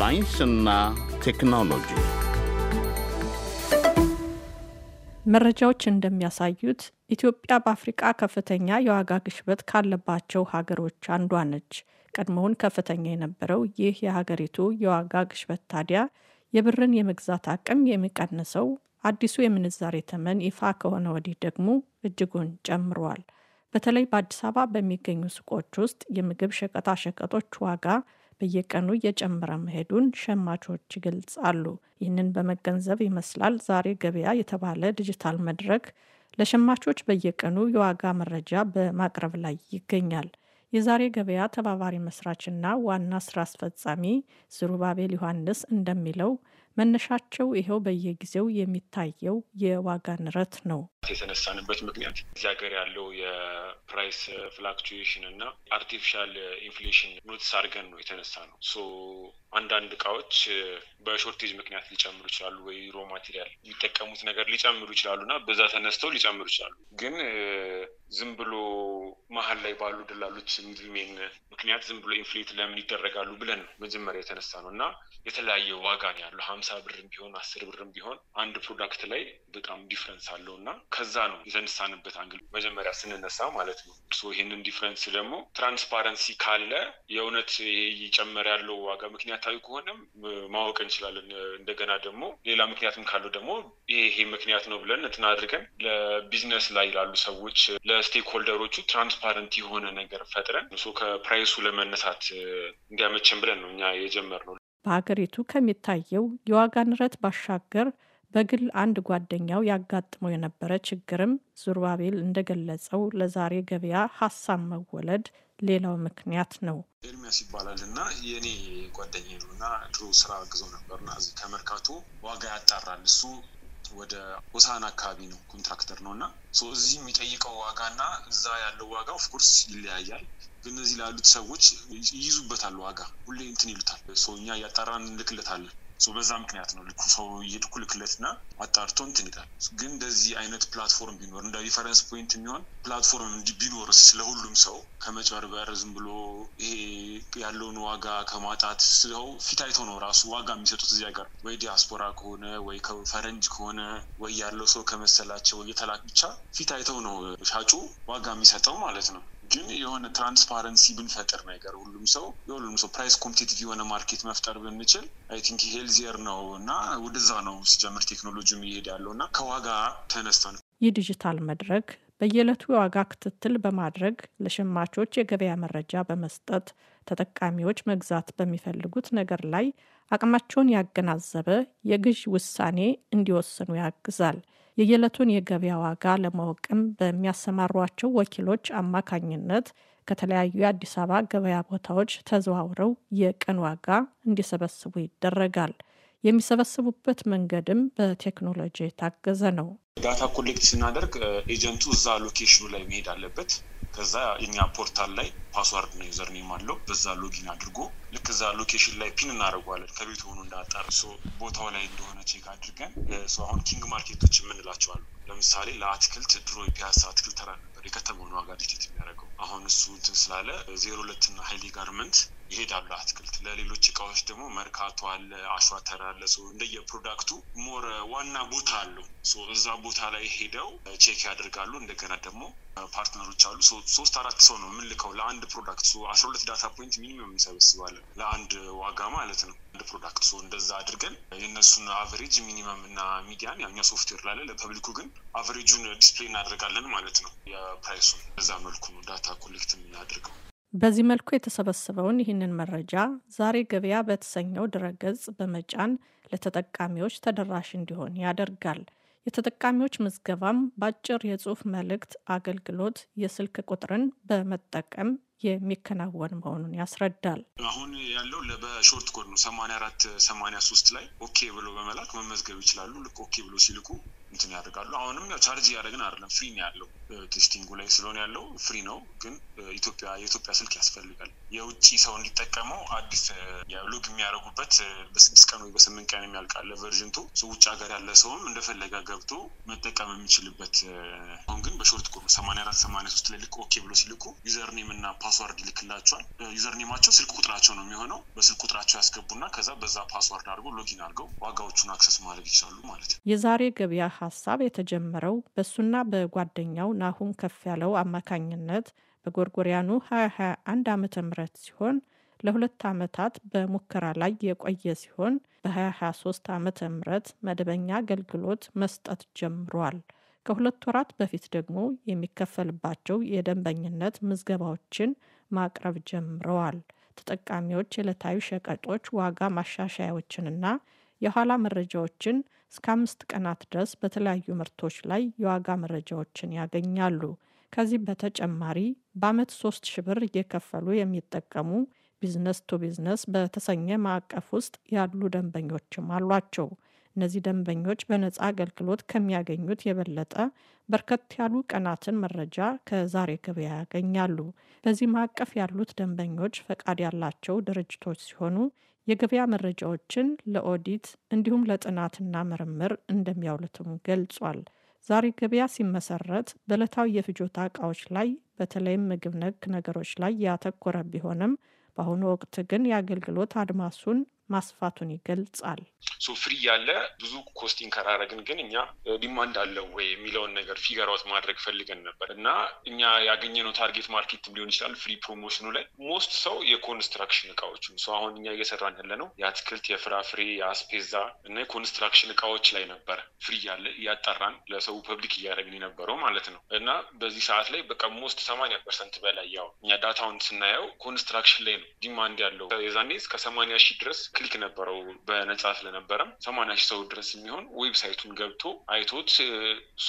ሳይንስና ቴክኖሎጂ መረጃዎች እንደሚያሳዩት ኢትዮጵያ በአፍሪቃ ከፍተኛ የዋጋ ግሽበት ካለባቸው ሀገሮች አንዷ ነች። ቀድሞውን ከፍተኛ የነበረው ይህ የሀገሪቱ የዋጋ ግሽበት ታዲያ የብርን የመግዛት አቅም የሚቀንሰው አዲሱ የምንዛሬ ተመን ይፋ ከሆነ ወዲህ ደግሞ እጅጉን ጨምሯል። በተለይ በአዲስ አበባ በሚገኙ ሱቆች ውስጥ የምግብ ሸቀጣሸቀጦች ዋጋ በየቀኑ እየጨመረ መሄዱን ሸማቾች ይገልጻሉ። ይህንን በመገንዘብ ይመስላል ዛሬ ገበያ የተባለ ዲጂታል መድረክ ለሸማቾች በየቀኑ የዋጋ መረጃ በማቅረብ ላይ ይገኛል። የዛሬ ገበያ ተባባሪ መስራችና ዋና ስራ አስፈጻሚ ዝሩባቤል ዮሐንስ እንደሚለው መነሻቸው ይኸው በየጊዜው የሚታየው የዋጋ ንረት ነው። የተነሳንበት ምክንያት እዚህ ሀገር ያለው የፕራይስ ፍላክቹዌሽን እና አርቲፊሻል ኢንፍሌሽን ኖትስ አድርገን ነው የተነሳ ነው። አንዳንድ እቃዎች በሾርቴጅ ምክንያት ሊጨምሩ ይችላሉ፣ ወይ ሮ ማቴሪያል የሚጠቀሙት ነገር ሊጨምሩ ይችላሉ እና በዛ ተነስተው ሊጨምሩ ይችላሉ። ግን ዝም ብሎ መሀል ላይ ባሉ ደላሎች ኢንግሪሜን ምክንያት ዝም ብሎ ኢንፍሌት ለምን ይደረጋሉ ብለን ነው መጀመሪያ የተነሳ ነው እና የተለያየ ዋጋ ነው ያለው። ሀምሳ ብርም ቢሆን አስር ብርም ቢሆን አንድ ፕሮዳክት ላይ በጣም ዲፍረንስ አለው እና ከዛ ነው የተነሳንበት አንግል መጀመሪያ ስንነሳ ማለት ነው። ይህንን ዲፍረንስ ደግሞ ትራንስፓረንሲ ካለ የእውነት ይጨመር ያለው ዋጋ ምክንያት ምክንያታዊ ከሆነም ማወቅ እንችላለን። እንደገና ደግሞ ሌላ ምክንያትም ካለው ደግሞ ይሄ ምክንያት ነው ብለን እንትን አድርገን ለቢዝነስ ላይ ላሉ ሰዎች ለስቴክ ሆልደሮቹ ትራንስፓረንት የሆነ ነገር ፈጥረን እሱ ከፕራይሱ ለመነሳት እንዲያመቸን ብለን ነው እኛ ነው በሀገሪቱ ከሚታየው የዋጋ ንረት ባሻገር በግል አንድ ጓደኛው ያጋጥመው የነበረ ችግርም ዙርባቤል እንደገለጸው ለዛሬ ገበያ ሀሳብ መወለድ ሌላው ምክንያት ነው። ኤርሚያስ ይባላል እና የእኔ ጓደኛ ነው እና ድሮ ስራ አግዘው ነበርና እዚህ ከመርካቶ ዋጋ ያጣራል። እሱ ወደ ሆሳና አካባቢ ነው ኮንትራክተር ነው እና እዚህ የሚጠይቀው ዋጋ እና እዛ ያለው ዋጋ ኦፍኮርስ ይለያያል። ግን እነዚህ ላሉት ሰዎች ይይዙበታል ዋጋ ሁሌ እንትን ይሉታል። እኛ እያጣራን እንልክለታለን በዛ ምክንያት ነው ልኩ ሰው እየድኩ ልክለትና አጣርቶ እንትን ይላል። ግን እንደዚህ አይነት ፕላትፎርም ቢኖር እንደ ሪፈረንስ ፖይንት የሚሆን ፕላትፎርም ቢኖርስ ስለሁሉም ሰው ከመጭበርበር ዝም ብሎ ይሄ ያለውን ዋጋ ከማጣት ሰው ፊት አይተው ነው ራሱ ዋጋ የሚሰጡት እዚህ ጋር ወይ ዲያስፖራ ከሆነ ወይ ፈረንጅ ከሆነ ወይ ያለው ሰው ከመሰላቸው የተላክ ብቻ ፊት አይተው ነው ሻጩ ዋጋ የሚሰጠው ማለት ነው። ግን የሆነ ትራንስፓረንሲ ብንፈጥር ነገር ሁሉም ሰው የሁሉም ሰው ፕራይስ ኮምፒቲቲቭ የሆነ ማርኬት መፍጠር ብንችል አይ ቲንክ ሄልዚየር ነው እና ወደዛ ነው ሲጀምር ቴክኖሎጂ እየሄድ ያለው እና ከዋጋ ተነስተን ዲጂታል መድረክ በየዕለቱ የዋጋ ክትትል በማድረግ ለሸማቾች የገበያ መረጃ በመስጠት ተጠቃሚዎች መግዛት በሚፈልጉት ነገር ላይ አቅማቸውን ያገናዘበ የግዥ ውሳኔ እንዲወስኑ ያግዛል። የየዕለቱን የገበያ ዋጋ ለማወቅም በሚያሰማሯቸው ወኪሎች አማካኝነት ከተለያዩ የአዲስ አበባ ገበያ ቦታዎች ተዘዋውረው የቀን ዋጋ እንዲሰበስቡ ይደረጋል። የሚሰበስቡበት መንገድም በቴክኖሎጂ የታገዘ ነው። ዳታ ኮሌክት ስናደርግ ኤጀንቱ እዛ ሎኬሽኑ ላይ መሄድ አለበት። ከዛ የኛ ፖርታል ላይ ፓስዋርድ ነው ዩዘር ኔም አለው። በዛ ሎጊን አድርጎ ልክ እዛ ሎኬሽን ላይ ፒን እናደርገዋለን። ከቤት ሆኑ እንዳጣር ቦታው ላይ እንደሆነ ቼክ አድርገን አሁን ኪንግ ማርኬቶች የምንላቸዋሉ። ለምሳሌ ለአትክልት ድሮ የፒያሳ አትክልት ተራ ነበር የከተማውን ዋጋ ዲቴት የሚያደርገው አሁን እሱ እንትን ስላለ ዜሮ ሁለትና ሀይሌ ጋርመንት ይሄዳሉ። አትክልት ለሌሎች እቃዎች ደግሞ መርካቶ አለ፣ አሸዋተር አለ። እንደየፕሮዳክቱ ሞር ዋና ቦታ አለው። እዛ ቦታ ላይ ሄደው ቼክ ያደርጋሉ። እንደገና ደግሞ ፓርትነሮች አሉ። ሶስት አራት ሰው ነው የምንልከው ለአንድ ፕሮዳክት። አስራ ሁለት ዳታ ፖይንት ሚኒመም እንሰበስባለን ለአንድ ዋጋ ማለት ነው አንድ ፕሮዳክት። እንደዛ አድርገን የእነሱን አቨሬጅ ሚኒመም እና ሚዲያን ያኛ ሶፍትዌር ላለ ለፐብሊኩ ግን አቨሬጁን ዲስፕሌይ እናደርጋለን ማለት ነው። የፕራይሱን በዛ መልኩ ነው ዳታ ኮሌክት የምናደርገው። በዚህ መልኩ የተሰበሰበውን ይህንን መረጃ ዛሬ ገበያ በተሰኘው ድረገጽ በመጫን ለተጠቃሚዎች ተደራሽ እንዲሆን ያደርጋል። የተጠቃሚዎች ምዝገባም በአጭር የጽሑፍ መልእክት አገልግሎት የስልክ ቁጥርን በመጠቀም የሚከናወን መሆኑን ያስረዳል። አሁን ያለው በሾርት ኮድ ነው። ሰማንያ አራት ሰማንያ ሶስት ላይ ኦኬ ብሎ በመላክ መመዝገብ ይችላሉ። ልክ ኦኬ ብሎ ሲልኩ እንትን ያደርጋሉ። አሁንም ቻርጅ እያደረግን አይደለም፣ ፍሪ ነው ያለው ቴስቲንጉ ላይ ስለሆነ ያለው ፍሪ ነው። ግን ኢትዮጵያ የኢትዮጵያ ስልክ ያስፈልጋል። የውጭ ሰው እንዲጠቀመው አዲስ ሎግ የሚያደርጉበት በስድስት ቀን ወይ በስምንት ቀን የሚያልቃለ ቨርዥንቱ ውጭ ሀገር ያለ ሰውም እንደፈለገ ገብቶ መጠቀም የሚችልበት አሁን ግን በሾርት ቁር ሰማንያ አራት ሰማንያ ሶስት ላይ ልክ ኦኬ ብሎ ሲልኩ ዩዘርኔም እና ፓስዋርድ ይልክላቸዋል። ዩዘርኔማቸው ስልክ ቁጥራቸው ነው የሚሆነው። በስልክ ቁጥራቸው ያስገቡና ከዛ በዛ ፓስዋርድ አድርገው ሎጊን አድርገው ዋጋዎቹን አክሰስ ማድረግ ይችላሉ ማለት ነው። የዛሬ ገበያ ሀሳብ የተጀመረው በእሱና በጓደኛው ናሁን ከፍ ያለው አማካኝነት በጎርጎሪያኑ 2021 ዓ ም ሲሆን ለሁለት ዓመታት በሙከራ ላይ የቆየ ሲሆን በ2023 ዓ ም መደበኛ አገልግሎት መስጠት ጀምሯል። ከሁለት ወራት በፊት ደግሞ የሚከፈልባቸው የደንበኝነት ምዝገባዎችን ማቅረብ ጀምረዋል። ተጠቃሚዎች የዕለታዊ ሸቀጦች ዋጋ ማሻሻያዎችንና የኋላ መረጃዎችን እስከ አምስት ቀናት ድረስ በተለያዩ ምርቶች ላይ የዋጋ መረጃዎችን ያገኛሉ። ከዚህ በተጨማሪ በዓመት ሶስት ሺ ብር እየከፈሉ የሚጠቀሙ ቢዝነስ ቱ ቢዝነስ በተሰኘ ማዕቀፍ ውስጥ ያሉ ደንበኞችም አሏቸው። እነዚህ ደንበኞች በነፃ አገልግሎት ከሚያገኙት የበለጠ በርከት ያሉ ቀናትን መረጃ ከዛሬ ገበያ ያገኛሉ። በዚህ ማዕቀፍ ያሉት ደንበኞች ፈቃድ ያላቸው ድርጅቶች ሲሆኑ የገበያ መረጃዎችን ለኦዲት እንዲሁም ለጥናትና ምርምር እንደሚያውሉትም ገልጿል። ዛሬ ገበያ ሲመሰረት በዕለታዊ የፍጆታ እቃዎች ላይ በተለይም ምግብ ነክ ነገሮች ላይ ያተኮረ ቢሆንም በአሁኑ ወቅት ግን የአገልግሎት አድማሱን ማስፋቱን ይገልጻል። ሶ ፍሪ ያለ ብዙ ኮስቲንግ ከራረግን ግን እኛ ዲማንድ uh, አለው ወይ የሚለውን ነገር ፊገር ማድረግ ፈልገን ነበር እና እኛ ያገኘነው ታርጌት ማርኬት ሊሆን ይችላል። ፍሪ ፕሮሞሽኑ ላይ ሞስት ሰው የኮንስትራክሽን እቃዎች ሰው አሁን እኛ እየሰራን ያለ ነው የአትክልት፣ የፍራፍሬ፣ የአስፔዛ እና የኮንስትራክሽን እቃዎች ላይ ነበር ፍሪ ያለ እያጠራን ለሰው ፐብሊክ እያደረግን የነበረው ማለት ነው እና በዚህ ሰዓት ላይ በቃ ሞስት ሰማንያ ፐርሰንት በላይ ያው እኛ ዳታውን ስናየው ኮንስትራክሽን ላይ ነው ዲማንድ ያለው የዛኔ እስከ ሰማንያ ሺህ ድረስ ክሊክ ነበረው በነጻ ስለነበረም ሰማንያ ሺህ ሰው ድረስ የሚሆን ዌብሳይቱን ገብቶ አይቶት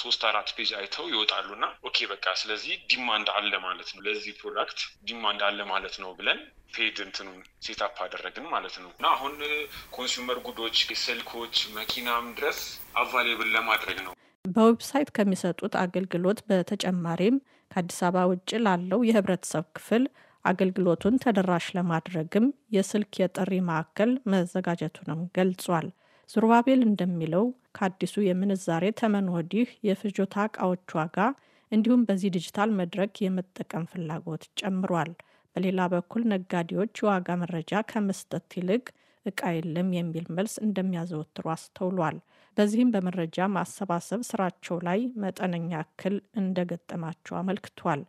ሶስት አራት ፔጅ አይተው ይወጣሉ እና ኦኬ በቃ ስለዚህ ዲማንድ አለ ማለት ነው ለዚህ ፕሮዳክት ዲማንድ አለ ማለት ነው ብለን ፔድ እንትኑን ሴታፕ አደረግን ማለት ነው እና አሁን ኮንሱመር ጉዶች፣ ስልኮች፣ መኪናም ድረስ አቫሌብል ለማድረግ ነው። በዌብሳይት ከሚሰጡት አገልግሎት በተጨማሪም ከአዲስ አበባ ውጭ ላለው የህብረተሰብ ክፍል አገልግሎቱን ተደራሽ ለማድረግም የስልክ የጥሪ ማዕከል መዘጋጀቱንም ገልጿል። ዙርባቤል እንደሚለው ከአዲሱ የምንዛሬ ተመን ወዲህ የፍጆታ እቃዎች ዋጋ እንዲሁም በዚህ ዲጂታል መድረክ የመጠቀም ፍላጎት ጨምሯል። በሌላ በኩል ነጋዴዎች የዋጋ መረጃ ከመስጠት ይልቅ እቃ የለም የሚል መልስ እንደሚያዘወትሩ አስተውሏል። በዚህም በመረጃ ማሰባሰብ ስራቸው ላይ መጠነኛ እክል እንደገጠማቸው አመልክቷል።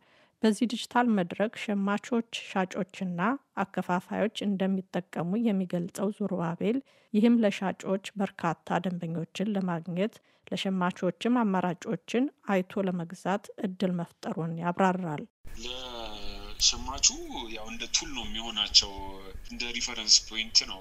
በዚህ ዲጂታል መድረክ ሸማቾች፣ ሻጮችና አከፋፋዮች እንደሚጠቀሙ የሚገልጸው ዙርባቤል፣ ይህም ለሻጮች በርካታ ደንበኞችን ለማግኘት ለሸማቾችም አማራጮችን አይቶ ለመግዛት እድል መፍጠሩን ያብራራል። ሸማቹ ያው እንደ ቱል ነው የሚሆናቸው፣ እንደ ሪፈረንስ ፖይንት ነው።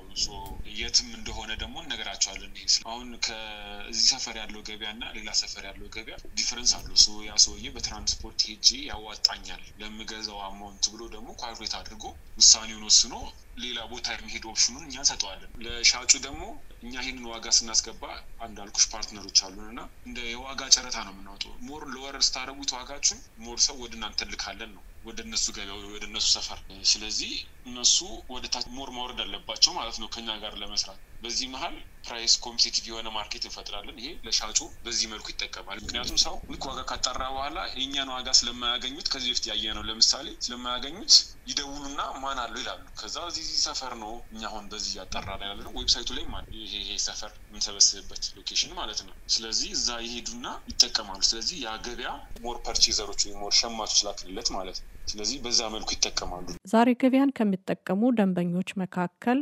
የትም እንደሆነ ደግሞ እነግራቸዋለን። አሁን ከዚህ ሰፈር ያለው ገበያ እና ሌላ ሰፈር ያለው ገበያ ዲፈረንስ አለው። ያ ሰውዬ በትራንስፖርት ሄጂ ያዋጣኛል ለምገዛው አማውንት ብሎ ደግሞ ኳሬት አድርጎ ውሳኔውን ወስኖ ሌላ ቦታ የሚሄድ ኦፕሽኑን እኛ እንሰጠዋለን። ለሻጩ ደግሞ እኛ ይህንን ዋጋ ስናስገባ አንዳልኩሽ ፓርትነሮች አሉን እና እንደ የዋጋ ጨረታ ነው የምናወጡ ሞር ለወር ስታደረጉት ዋጋችን ሞር ሰው ወደ እናንተ ልካለን ነው ወደ እነሱ ገበያ ወደ እነሱ ሰፈር። ስለዚህ እነሱ ወደ ታች ሞር ማውረድ አለባቸው ማለት ነው ከኛ ጋር ለመስራት። በዚህ መሀል ፕራይስ ኮምፒቲቲቭ የሆነ ማርኬት እንፈጥራለን። ይሄ ለሻጩ በዚህ መልኩ ይጠቀማል። ምክንያቱም ሰው ልክ ዋጋ ካጠራ በኋላ የእኛን ዋጋ ስለማያገኙት ከዚህ በፊት ያየ ነው ለምሳሌ ስለማያገኙት ይደውሉና ማን አለው ይላሉ። ከዛ እዚህ ሰፈር ነው እኛ አሁን በዚህ ያጠራ ላይ ያለ ነው ዌብሳይቱ ላይ ማለት ይሄ ሰፈር የምንሰበስብበት ሎኬሽን ማለት ነው። ስለዚህ እዛ ይሄዱና ይጠቀማሉ። ስለዚህ ያ ሞር ፐርቼዘሮች ወይ ሞር ሸማቾች ላክልለት ማለት ነው። ስለዚህ በዛ መልኩ ይጠቀማሉ። ዛሬ ገበያን ከሚጠቀሙ ደንበኞች መካከል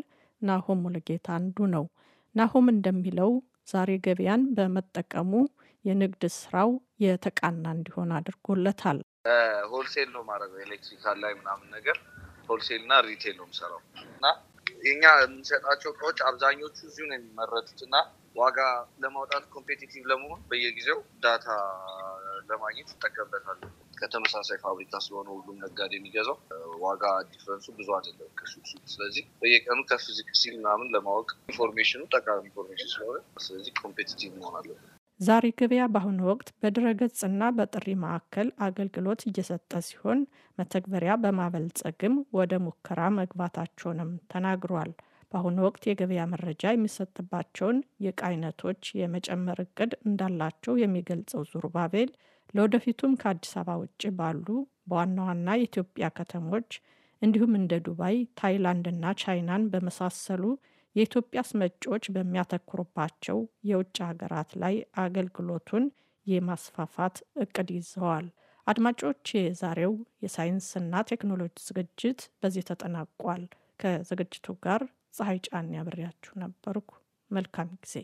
ናሆም ሙሉጌታ አንዱ ነው። ናሆም እንደሚለው ዛሬ ገበያን በመጠቀሙ የንግድ ስራው የተቃና እንዲሆን አድርጎለታል። ሆልሴል ነው ማለት ነው። ኤሌክትሪካል ላይ ምናምን ነገር ሆልሴል እና ሪቴል ነው የምሰራው እና የኛ የምንሰጣቸው እቃዎች አብዛኞቹ እዚሁ ነው እና ዋጋ ለማውጣት ኮምፔቲቲቭ ለመሆን በየጊዜው ዳታ ለማግኘት ይጠቀምበታለን። ከተመሳሳይ ፋብሪካ ስለሆነ ሁሉም ነጋዴ የሚገዛው ዋጋ ዲፈረንሱ ብዙ አይደለም ከሱቅ ስለዚህ በየቀኑ ከፍ ሲል ምናምን ለማወቅ ኢንፎርሜሽኑ ጠቃሚ ኢንፎርሜሽን ስለሆነ ስለዚህ ኮምፔቲቲቭ መሆን አለበት። ዛሬ ገበያ በአሁኑ ወቅት በድረገጽና በጥሪ ማዕከል አገልግሎት እየሰጠ ሲሆን መተግበሪያ በማበልጸግም ወደ ሙከራ መግባታቸውንም ተናግሯል። በአሁኑ ወቅት የገበያ መረጃ የሚሰጥባቸውን የዕቃ አይነቶች የመጨመር እቅድ እንዳላቸው የሚገልጸው ዙሩባቤል ለወደፊቱም ከአዲስ አበባ ውጭ ባሉ በዋና ዋና የኢትዮጵያ ከተሞች እንዲሁም እንደ ዱባይ፣ ታይላንድና ቻይናን በመሳሰሉ የኢትዮጵያ አስመጪዎች በሚያተኩሩባቸው የውጭ ሀገራት ላይ አገልግሎቱን የማስፋፋት እቅድ ይዘዋል። አድማጮች፣ የዛሬው የሳይንስና ቴክኖሎጂ ዝግጅት በዚህ ተጠናቋል። ከዝግጅቱ ጋር ፀሐይ ጫን ያብሬያችሁ ነበርኩ። መልካም ጊዜ